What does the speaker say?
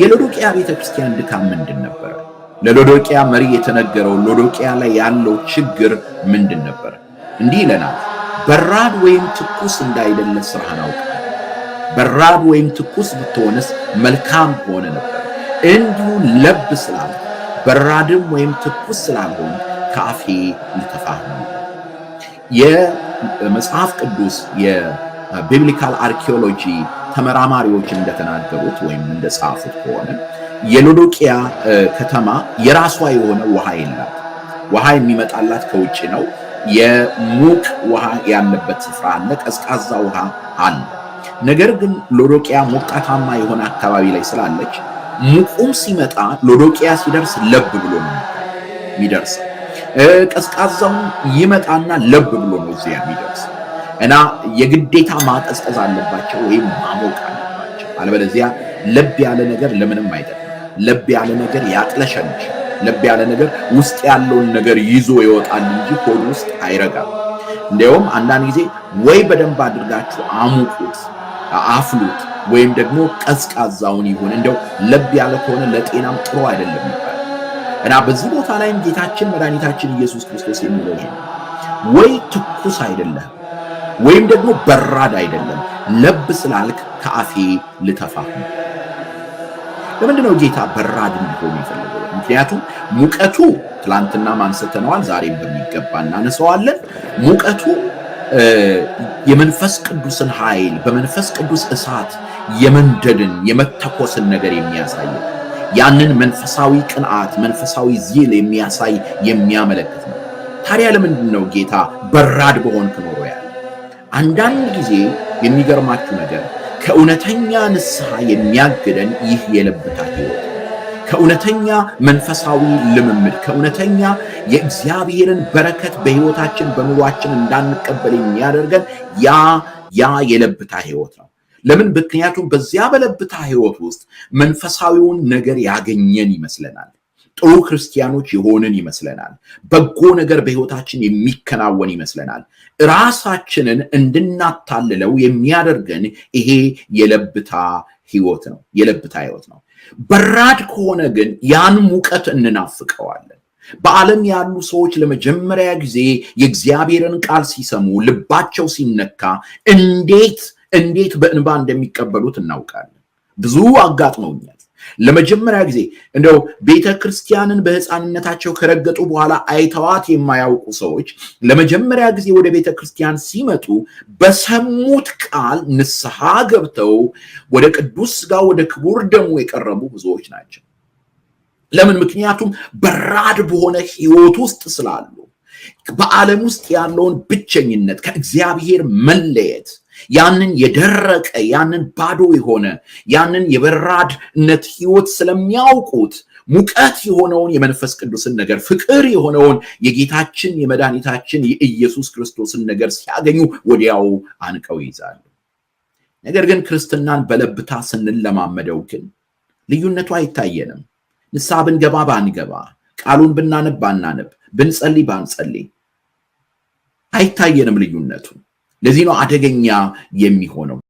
የሎዶቅያ ቤተክርስቲያን ድካም ምንድን ነበር ለሎዶቅያ መሪ የተነገረው ሎዶቅያ ላይ ያለው ችግር ምንድን ነበር? እንዲህ ይለናል፣ በራድ ወይም ትኩስ እንዳይደለ ስራህን አውቅ። በራድ ወይም ትኩስ ብትሆንስ መልካም ሆነ ነበር። እንዲሁ ለብ ስላል በራድም ወይም ትኩስ ስላልሆን ከአፌ ልተፋህ ነው። የመጽሐፍ ቅዱስ የቢብሊካል አርኪኦሎጂ ተመራማሪዎች እንደተናገሩት ወይም እንደጻፉት ከሆነ የሎዶቅያ ከተማ የራሷ የሆነ ውሃ የላት። ውሃ የሚመጣላት ከውጭ ነው። የሙቅ ውሃ ያለበት ስፍራ አለ፣ ቀዝቃዛ ውሃ አለ። ነገር ግን ሎዶቅያ ሞቃታማ የሆነ አካባቢ ላይ ስላለች ሙቁም ሲመጣ ሎዶቅያ ሲደርስ ለብ ብሎ ነው የሚደርስ። ቀዝቃዛውም ይመጣና ለብ ብሎ ነው እዚያ የሚደርስ እና የግዴታ ማቀዝቀዝ አለባቸው ወይም ማሞቅ አለባቸው። አለበለዚያ ለብ ያለ ነገር ለምንም አይጠቅም። ለብ ያለ ነገር ያቅለሸልሽ። ለብ ያለ ነገር ውስጥ ያለውን ነገር ይዞ ይወጣል እንጂ ሆድ ውስጥ አይረጋም። እንዲያውም አንዳንድ ጊዜ ወይ በደንብ አድርጋችሁ አሙቁት፣ አፍሉት ወይም ደግሞ ቀዝቃዛውን ይሁን። እንደው ለብ ያለ ከሆነ ለጤናም ጥሩ አይደለም ይባላል እና በዚህ ቦታ ላይም ጌታችን መድኃኒታችን ኢየሱስ ክርስቶስ የሚለው ወይ ትኩስ አይደለም ወይም ደግሞ በራድ አይደለም። ለብ ስላልክ ከአፌ ልተፋ ለምንድን ነው ጌታ በራድ እንዲሆን የፈለገው? ምክንያቱም ሙቀቱ ትላንትና አንስተነዋል፣ ዛሬም በሚገባ እናነሰዋለን። ሙቀቱ የመንፈስ ቅዱስን ኃይል በመንፈስ ቅዱስ እሳት የመንደድን የመተኮስን ነገር የሚያሳይ ያንን መንፈሳዊ ቅንዓት መንፈሳዊ ዚል የሚያሳይ የሚያመለክት ነው። ታዲያ ለምንድን ነው ጌታ በራድ በሆንክ ነው አንዳንድ ጊዜ የሚገርማችሁ ነገር ከእውነተኛ ንስሐ የሚያግደን ይህ የለብታ ህይወት ከእውነተኛ መንፈሳዊ ልምምድ ከእውነተኛ የእግዚአብሔርን በረከት በህይወታችን በኑሯችን እንዳንቀበል የሚያደርገን ያ ያ የለብታ ህይወት ነው። ለምን? ምክንያቱም በዚያ በለብታ ህይወት ውስጥ መንፈሳዊውን ነገር ያገኘን ይመስለናል። ጥሩ ክርስቲያኖች የሆንን ይመስለናል። በጎ ነገር በህይወታችን የሚከናወን ይመስለናል። ራሳችንን እንድናታልለው የሚያደርገን ይሄ የለብታ ህይወት ነው፣ የለብታ ህይወት ነው። በራድ ከሆነ ግን ያን ሙቀት እንናፍቀዋለን። በዓለም ያሉ ሰዎች ለመጀመሪያ ጊዜ የእግዚአብሔርን ቃል ሲሰሙ ልባቸው ሲነካ እንዴት እንዴት በእንባ እንደሚቀበሉት እናውቃለን። ብዙ አጋጥመውኛል። ለመጀመሪያ ጊዜ እንደው ቤተ ክርስቲያንን በህፃንነታቸው ከረገጡ በኋላ አይተዋት የማያውቁ ሰዎች ለመጀመሪያ ጊዜ ወደ ቤተ ክርስቲያን ሲመጡ በሰሙት ቃል ንስሐ ገብተው ወደ ቅዱስ ስጋ ወደ ክቡር ደሙ የቀረቡ ብዙዎች ናቸው። ለምን? ምክንያቱም በራድ በሆነ ህይወት ውስጥ ስላሉ፣ በዓለም ውስጥ ያለውን ብቸኝነት፣ ከእግዚአብሔር መለየት ያንን የደረቀ ያንን ባዶ የሆነ ያንን የበራድነት ህይወት ስለሚያውቁት ሙቀት የሆነውን የመንፈስ ቅዱስን ነገር ፍቅር የሆነውን የጌታችን የመድኃኒታችን የኢየሱስ ክርስቶስን ነገር ሲያገኙ ወዲያው አንቀው ይይዛሉ። ነገር ግን ክርስትናን በለብታ ስንለማመደው ግን ልዩነቱ አይታየንም። ንስሐ ብንገባ ባንገባ፣ ቃሉን ብናነብ ባናነብ፣ ብንጸልይ ባንጸልይ አይታየንም ልዩነቱ። ለዚህ ነው አደገኛ የሚሆነው።